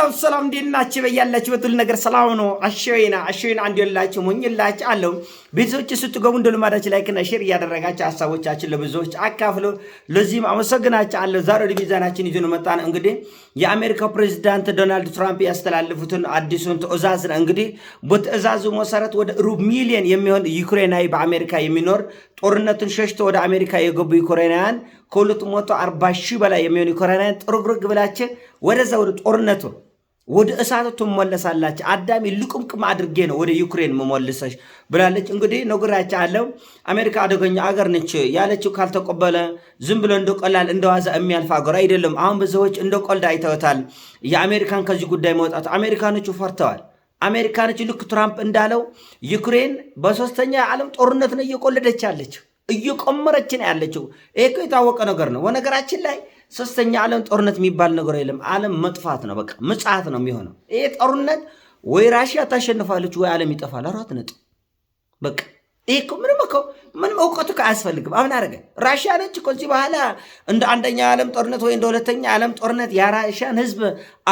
ሰላም ሰላም፣ እንዴት ናችሁ? በያላችሁ በትል ነገር ሰላም ነው። አሸይና አሸይና አንድ ያላችሁ ሞኝላችሁ አለው። ቤተሰቦች ስትገቡ እንደ ልማዳችሁ ላይክ እና ሼር እያደረጋችሁ ሀሳቦቻችን ለብዙዎች አካፍሉ። ለዚህም አመሰግናችሁ አለ። ዛሬ ወደ ሚዛናችን ይዞ ነው መጣን። እንግዲህ የአሜሪካ ፕሬዚዳንት ዶናልድ ትራምፕ ያስተላልፉትን አዲሱን ትዕዛዝ ነው። እንግዲህ በትዕዛዙ መሰረት ወደ ሩብ ሚሊየን የሚሆን ዩክሬናዊ በአሜሪካ የሚኖር ጦርነቱን ሸሽቶ ወደ አሜሪካ የገቡ ዩክሬናውያን ከሁለት መቶ አርባ ሺህ በላይ የሚሆን ዩክሬናውያን ጥርግርግ ብላችሁ ወደዛ ወደ ጦርነቱ ወደ እሳት ትመለሳላችሁ። አዳሚ ልቁምቅም አድርጌ ነው ወደ ዩክሬን መመልሰሽ ብላለች። እንግዲህ አለው አሜሪካ አደገኛ አገር ነች ያለችው ካልተቆበለ ዝም ብሎ እንደ ቀላል የሚያልፍ አገር አይደለም። አሁን ብዙዎች እንደ ቀልድ አይተውታል የአሜሪካን ከዚህ ጉዳይ መውጣት። አሜሪካኖቹ ፈርተዋል። አሜሪካኖች ልክ ትራምፕ እንዳለው ዩክሬን በሶስተኛ የዓለም ጦርነት ነው እየቆለደች ያለችው፣ እየቆመረች ነው ያለችው። ይሄ የታወቀ ነገር ነው በነገራችን ላይ ሶስተኛ ዓለም ጦርነት የሚባል ነገር የለም። ዓለም መጥፋት ነው፣ በቃ ምጽት ነው የሚሆነው። ይህ ጦርነት ወይ ራሽያ ታሸንፋለች ወይ ዓለም ይጠፋል። አራት ነጥብ በቃ ይህ ምንም እኮ ምንም እውቀቱ አያስፈልግም። አምን አደረገ ራሽያ ነች እኮ እዚህ በኋላ እንደ አንደኛ ዓለም ጦርነት ወይ እንደ ሁለተኛ ዓለም ጦርነት የራሽያን ህዝብ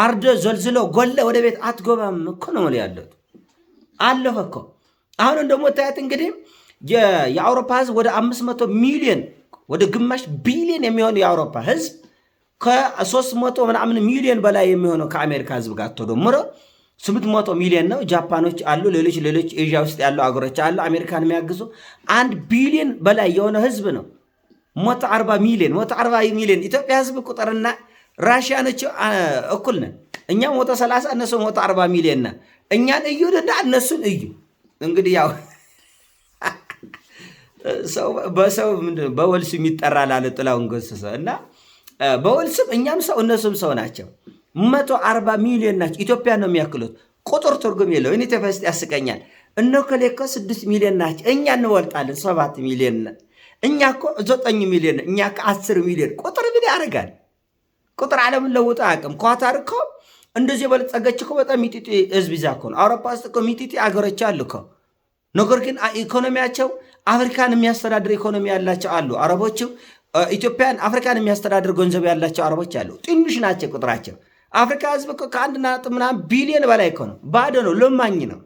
አርዶ ዘልዝሎ ጎለ ወደ ቤት አትጎባም እኮ ነው ያለት። አለፈ እኮ አሁን እንደሞ ታያት እንግዲህ የአውሮፓ ህዝብ ወደ አምስት መቶ ሚሊዮን ወደ ግማሽ ቢሊዮን የሚሆኑ የአውሮፓ ህዝብ ከሶስት መቶ ምናምን ሚሊዮን በላይ የሚሆነው ከአሜሪካ ህዝብ ጋር ተደምሮ ስምንት መቶ ሚሊዮን ነው። ጃፓኖች አሉ፣ ሌሎች ሌሎች ኤዥያ ውስጥ ያሉ አገሮች አሉ፣ አሜሪካን የሚያግዙ አንድ ቢሊዮን በላይ የሆነ ህዝብ ነው። ሞቶ አርባ ሚሊዮን ሞቶ አርባ ሚሊዮን ኢትዮጵያ ህዝብ ቁጥርና ራሽያኖች እኩል ነን። እኛ ሞቶ ሰላሳ እነሱ ሞቶ አርባ ሚሊዮን ና እኛን እዩንና እነሱን እዩ። እንግዲህ ያው ሰው በሰው በወልሱ የሚጠራ ላለ ጥላውን ገሰሰ እና በውል ስም እኛም ሰው እነሱም ሰው ናቸው። መቶ አርባ ሚሊዮን ናቸው። ኢትዮጵያ ነው የሚያክሉት። ቁጥር ትርጉም የለው። እኔ ኢትዮጵያ ያስቀኛል። እነ እከሌ እኮ ስድስት ሚሊዮን ናቸው። እኛ እንወልጣለን ሰባት ሚሊዮን ነን። እኛ እኮ ዘጠኝ ሚሊዮን ነን። እኛ ከአስር ሚሊዮን ቁጥር ምን ያደርጋል? ቁጥር ዓለምን ለውጦ አያውቅም። ኳታር እኮ እንደዚህ የበለጸገች እኮ በጣም ሚጢጢ ህዝብ ይዛ እኮ ነው። አውሮፓ ውስጥ እኮ ሚጢጢ አገሮች አሉ እኮ። ነገር ግን ኢኮኖሚያቸው አፍሪካን የሚያስተዳድር ኢኮኖሚ ያላቸው አሉ። አረቦችም ኢትዮጵያን አፍሪካን የሚያስተዳድር ገንዘብ ያላቸው አረቦች አሉ። ትንሽ ናቸው ቁጥራቸው። አፍሪካ ህዝብ እኮ ከአንድ ነጥብ ምናምን ቢሊዮን በላይ እኮ ነው። ባዶ ነው፣ ለማኝ ነው።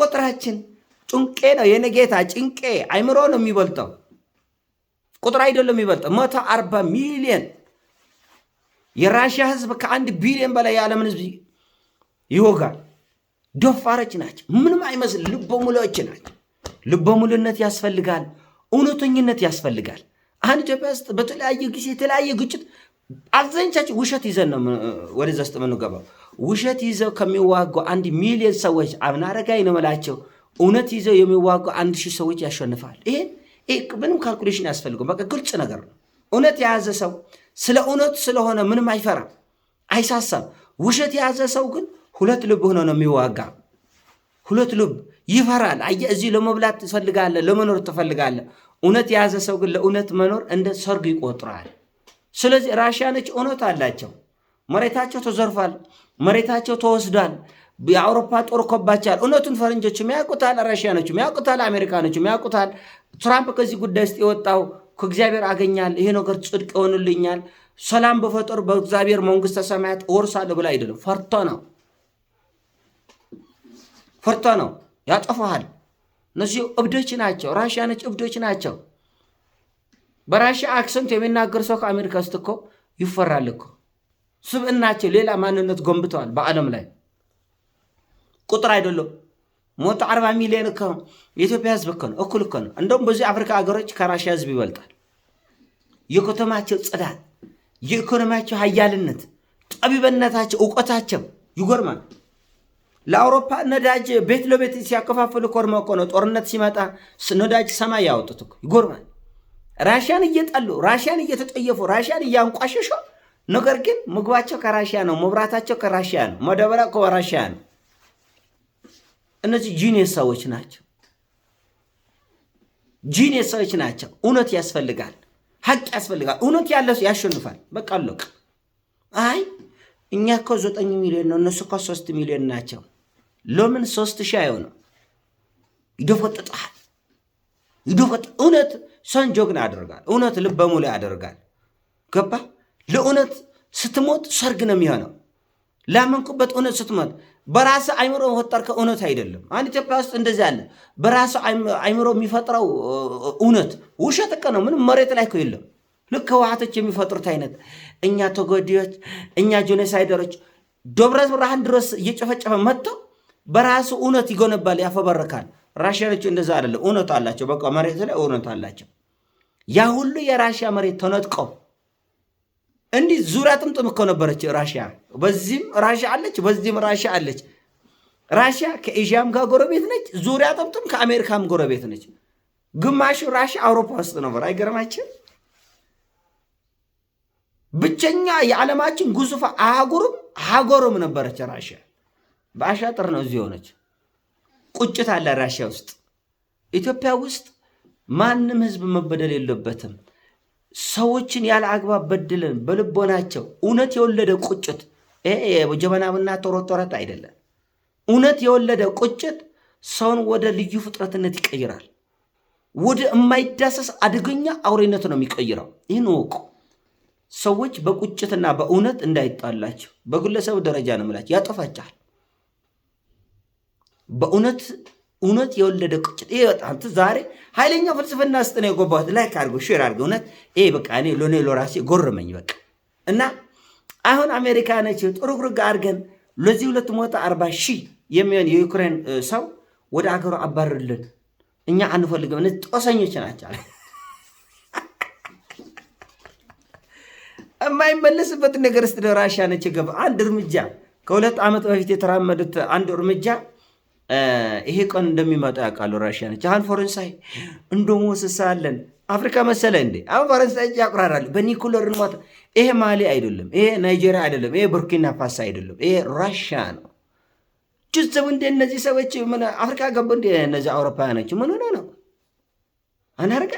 ቁጥራችን ጭንቄ ነው። የነጌታ ጭንቄ አይምሮ ነው የሚበልጠው፣ ቁጥር አይደለም የሚበልጠው። መቶ አርባ ሚሊዮን የራሽያ ህዝብ ከአንድ ቢሊዮን በላይ የዓለምን ህዝብ ይወጋል። ደፋሮች ናቸው። ምንም አይመስል ልበሙሎች ናቸው። ልበሙሉነት ያስፈልጋል። እውነተኝነት ያስፈልጋል። አንድ ኢትዮጵያ ውስጥ በተለያየ ጊዜ የተለያየ ግጭት አብዛኞቻችን ውሸት ይዘን ነው ወደዛ ውስጥ የምንገባው። ውሸት ይዘው ከሚዋጉ አንድ ሚሊዮን ሰዎች አብን አረጋኝ ነው የምላቸው እውነት ይዘው የሚዋጉ አንድ ሺህ ሰዎች ያሸንፋል። ይሄ ምንም ካልኩሌሽን አያስፈልገውም። በቃ ግልጽ ነገር ነው። እውነት የያዘ ሰው ስለ እውነት ስለሆነ ምንም አይፈራም፣ አይሳሳም። ውሸት የያዘ ሰው ግን ሁለት ልብ ሆኖ ነው የሚዋጋ። ሁለት ልብ ይፈራል። አየህ፣ እዚህ ለመብላት ትፈልጋለህ፣ ለመኖር ትፈልጋለህ እውነት የያዘ ሰው ግን ለእውነት መኖር እንደ ሰርግ ይቆጥራል። ስለዚህ ራሽያኖች እውነት አላቸው። መሬታቸው ተዘርፏል። መሬታቸው ተወስዷል። የአውሮፓ ጦር ኮባቸዋል። እውነቱን ፈረንጆችም ያውቁታል፣ ራሽያኖችም ያውቁታል፣ አሜሪካኖችም ያውቁታል። ትራምፕ ከዚህ ጉዳይ ውስጥ የወጣው ከእግዚአብሔር አገኛል፣ ይሄ ነገር ጽድቅ ይሆንልኛል፣ ሰላም በፈጠሩ በእግዚአብሔር መንግስተ ሰማያት እወርሳለሁ ብላ አይደለም። ፈርቶ ነው፣ ፈርቶ ነው፣ ያጠፋሃል እነዚህ እብዶች ናቸው። ራሽያኖች እብዶች ናቸው። በራሽያ አክሰንት የሚናገር ሰው ከአሜሪካ ውስጥ እኮ ይፈራል እኮ ስብእናቸው ሌላ ማንነት ጎንብተዋል። በዓለም ላይ ቁጥር አይደለም። ሞቶ አርባ ሚሊዮን እኮ የኢትዮጵያ ህዝብ እኮ ነው፣ እኩል እኮ ነው። እንደውም በዚህ አፍሪካ ሀገሮች ከራሽያ ህዝብ ይበልጣል። የከተማቸው ጽዳት፣ የኢኮኖሚያቸው ሀያልነት፣ ጠቢበነታቸው፣ እውቀታቸው ይጎርማል። ለአውሮፓ ነዳጅ ቤት ለቤት ሲያከፋፍል ኮርመ እኮ ነው። ጦርነት ሲመጣ ነዳጅ ሰማይ ያወጡት ይጎርማል። ራሽያን እየጠሉ ራሽያን እየተጠየፉ ራሽያን እያንቋሸሹ፣ ነገር ግን ምግባቸው ከራሽያ ነው፣ መብራታቸው ከራሽያ ነው፣ መደበሪያ ከራሽያ ነው። እነዚህ ጂኒየስ ሰዎች ናቸው። ጂኒየስ ሰዎች ናቸው። እውነት ያስፈልጋል፣ ሀቅ ያስፈልጋል። እውነት ያለ ያሸንፋል። በቃ አይ እኛ እኮ ዘጠኝ ሚሊዮን ነው፣ እነሱ እኮ ሶስት ሚሊዮን ናቸው። ለምን ሶስት ሺህ አይሆንም? ይደፈጥጣል ይደፈጥ እውነት ሰንጆግን ያደርጋል። እውነት ልበሙሉ ያደርጋል። ገባ ለእውነት ስትሞት ሰርግ ነው የሚሆነው። ላመንኩበት እውነት ስትሞት በራስ አይምሮ መፈጠርከ እውነት አይደለም። አንድ ኢትዮጵያ ውስጥ እንደዚህ አለ። በራስ አይምሮ የሚፈጥረው እውነት ውሸት እኮ ነው። ምንም መሬት ላይ እኮ የለም። ልክ ህወሓቶች የሚፈጥሩት አይነት እኛ ተጎዲዎች፣ እኛ ጄኖሳይደሮች ደብረ ብርሃን ድረስ እየጨፈጨፈ መጥተው በራሱ እውነት ይጎነባል፣ ያፈበረካል። ራሽያኖቹ እንደዛ አይደለም፣ እውነት አላቸው። በቃ መሬት ላይ እውነት አላቸው። ያ ሁሉ የራሽያ መሬት ተነጥቆ እንዲህ ዙሪያ ጥምጥም እኮ ነበረች ራሽያ። በዚህም ራሽያ አለች፣ በዚህም ራሽያ አለች። ራሽያ ከኤዥያም ጋር ጎረቤት ነች፣ ዙሪያ ጥምጥም ከአሜሪካም ጎረቤት ነች። ግማሹ ራሽያ አውሮፓ ውስጥ ነበር። አይገርማችን? ብቸኛ የዓለማችን ግዙፍ አህጉርም ሀገርም ነበረች ራሽያ። በአሻጥር ነው እዚህ የሆነች። ቁጭት አለ ራሽያ ውስጥ፣ ኢትዮጵያ ውስጥ ማንም ህዝብ መበደል የለበትም። ሰዎችን ያለ አግባብ በድለን በልቦናቸው እውነት የወለደ ቁጭት ጀበና ብና ቶረቶረት አይደለም። እውነት የወለደ ቁጭት ሰውን ወደ ልዩ ፍጥረትነት ይቀይራል። ወደ የማይዳሰስ አደገኛ አውሬነት ነው የሚቀይረው። ይህን እወቁ። ሰዎች በቁጭትና በእውነት እንዳይጣላቸው በግለሰብ ደረጃ ነው ምላቸው፣ ያጠፋቻል በእውነት እውነት የወለደ ቁጭት ይሄ በጣም ዛሬ ኃይለኛ ፍልስፍና ውስጥ ነው የጎባት ላይ አድርገው ሼር አድርገው እውነት ይሄ በቃ እኔ ሎኔ ሎራሴ ጎርመኝ በቃ እና አሁን አሜሪካ ነች ጥርግርግ አርገን ለዚህ ሁለት ሞታ አርባ ሺህ የሚሆን የዩክሬን ሰው ወደ አገሩ አባርልን እኛ አንፈልግም እነ ጦሰኞች ናቸው። የማይመለስበት ነገር ራሽያ ነች ገባ አንድ እርምጃ ከሁለት ዓመት በፊት የተራመዱት አንድ እርምጃ ይሄ ቀን እንደሚመጣ ያውቃሉ። ራሽያኖች አሁን ፈረንሳይ እንደሞ ስሳለን አፍሪካ መሰለ እንዴ? አሁን ፈረንሳይ ያቁራራሉ በኒኩለር ማ ይሄ ማሊ አይደለም፣ ይሄ ናይጄሪያ አይደለም፣ ይሄ ቡርኪና ፋሶ አይደለም፣ ይሄ ራሽያ ነው። ጅዘቡ እንዴ እነዚህ ሰዎች ምን አፍሪካ ገቡ እንደ እነዚህ አውሮፓውያኖች ምን ሆነ ነው አናርገ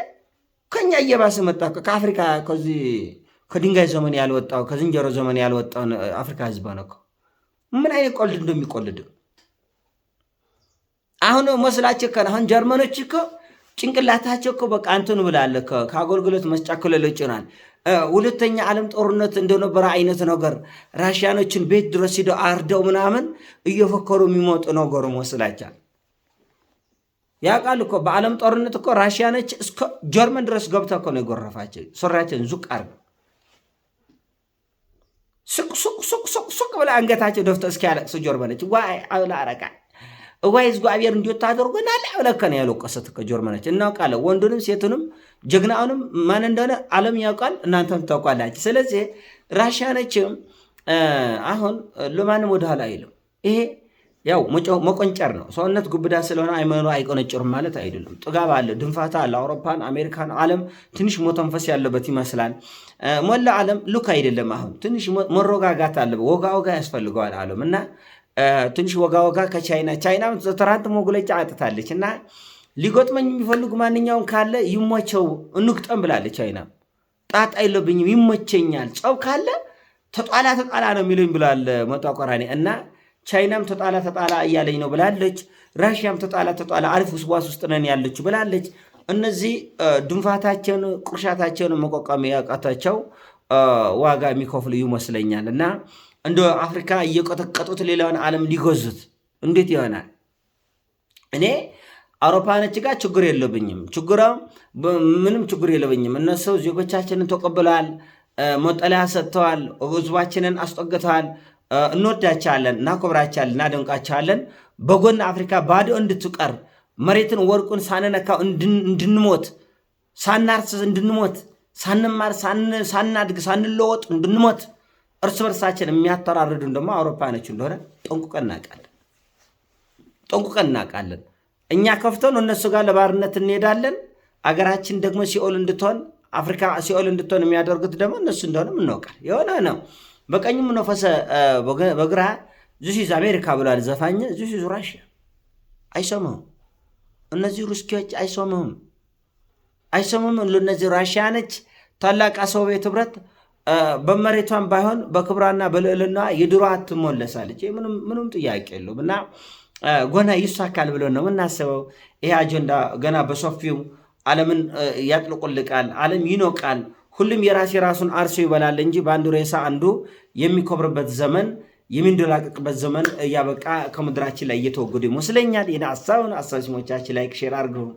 ከኛ እየባሰ መጣ። ከአፍሪካ ከዚህ ከድንጋይ ዘመን ያልወጣው ከዝንጀሮ ዘመን ያልወጣው አፍሪካ ህዝብ ነው። ምን አይነት ቆልድ እንደሚቆልድ አሁን መስላችሁ ከን አሁን ጀርመኖች እኮ ጭንቅላታቸው እኮ በቃ አንትን ብላለ ከአገልግሎት መስጫ ክልል ጭናል። ሁለተኛ ዓለም ጦርነት እንደነበረ አይነት ነገር ራሽያኖችን ቤት ድረስ ሂደው አርደው ምናምን እየፈከሩ የሚመጡ መስላቻል። ያ ቃል እኮ በዓለም ጦርነት እኮ ራሽያኖች እስከ ጀርመን ድረስ ገብታ እኮ ነው የጎረፋቸው። ሱሪያቸውን ዙቅ አርገ ሱቅ ሱቅ ሱቅ ሱቅ ሱቅ ብላ አንገታቸው ደፍቶ እስኪያለቅሱ ጀርመኖች ዋ አብላ አረቃ እዋይ እግዚአብሔር እንዲወጣ አድርጎናል አብለከነ ያለቀሰት ከጆርመኖች እናውቃለን። ወንዱንም ሴቱንም ጀግናውንም ማን እንደሆነ ዓለም ያውቃል፣ እናንተም ታውቃላችሁ። ስለዚህ ነችም አሁን ለማንም ወደኋላ አይልም። ይሄ ያው መቆንጨር ነው። ሰውነት ጉብዳ ስለሆነ አይመኑ አይቆነጭርም ማለት አይደለም። ጥጋብ አለ፣ ድንፋታ አለ። አውሮፓን፣ አሜሪካን ዓለም ትንሽ ሞተንፈስ ያለበት ይመስላል። ሞላ ዓለም ልክ አይደለም። አሁን ትንሽ መረጋጋት አለበት። ወጋ ወጋ ያስፈልገዋል ዓለም እና ትንሽ ወጋ ወጋ ከቻይና ቻይና ትናንት መግለጫ አጥታለች እና ሊጎጥመኝ የሚፈልጉ ማንኛውም ካለ ይሞቸው እንግጠም ብላለች። ቻይና ጣጣ የለብኝም ይሞቸኛል፣ ጸብ ካለ ተጣላ ተጣላ ነው የሚለኝ ብላል መቶ እና ቻይናም ተጣላ ተጣላ እያለኝ ነው ብላለች። ራሽያም ተጣላ ተጣላ አሪፍ ውስዋስ ውስጥ ነን ያለች ብላለች። እነዚህ ድንፋታቸውን ቁርሻታቸውን መቋቋም ያቃታቸው ዋጋ የሚከፍሉ ይመስለኛል እና እንደ አፍሪካ እየቆጠቀጡት ሌላውን ዓለም ሊጎዙት እንዴት ይሆናል? እኔ አውሮፓኖች ጋር ችግር የለብኝም። ችግሯ ምንም ችግር የለብኝም። እነሱ ዜጎቻችንን ተቀብለዋል፣ መጠለያ ሰጥተዋል፣ ህዝባችንን አስጠግተዋል። እንወዳቸዋለን፣ እናኮብራቸዋለን፣ እናደንቃቸዋለን። በጎን አፍሪካ ባዶ እንድትቀር መሬትን ወርቁን ሳንነካው እንድንሞት ሳናርስ እንድንሞት ሳንማር ሳናድግ ሳንለወጥ እንድንሞት እርስ በርሳችን የሚያተራርዱን ደግሞ አውሮፓያኖች እንደሆነ ጠንቁቀን እናውቃለን። ጠንቁቀን እናውቃለን። እኛ ከፍተን እነሱ ጋር ለባርነት እንሄዳለን። አገራችን ደግሞ ሲኦል እንድትሆን አፍሪካ ሲኦል እንድትሆን የሚያደርጉት ደግሞ እነሱ እንደሆነ እናውቃል። የሆነ ነው። በቀኝ ነፈሰ በግራ ዙሲዝ አሜሪካ ብሏል ዘፋኝ። ዙሲዝ ራሽያ አይሰሙም። እነዚህ ሩስኪዎች አይሰሙም አይሰማሁም። እነዚህ ራሽያ ነች ታላቅ አሶቪየት ህብረት በመሬቷን ባይሆን በክብሯና በልዕልና የድሯ ትሞለሳለች። ምንም ጥያቄ የለውም እና ጎና ይሳካል ብለን ነው የምናስበው። ይሄ አጀንዳ ገና በሰፊው ዓለምን ያጥልቁልቃል፣ ዓለም ይኖቃል። ሁሉም የራስ የራሱን አርሶ ይበላል እንጂ በአንዱ ሬሳ አንዱ የሚኮብርበት ዘመን የሚንደላቀቅበት ዘመን እያበቃ ከምድራችን ላይ እየተወገዱ ይመስለኛል። ይህን ሀሳብን ላይ ሼር አድርገው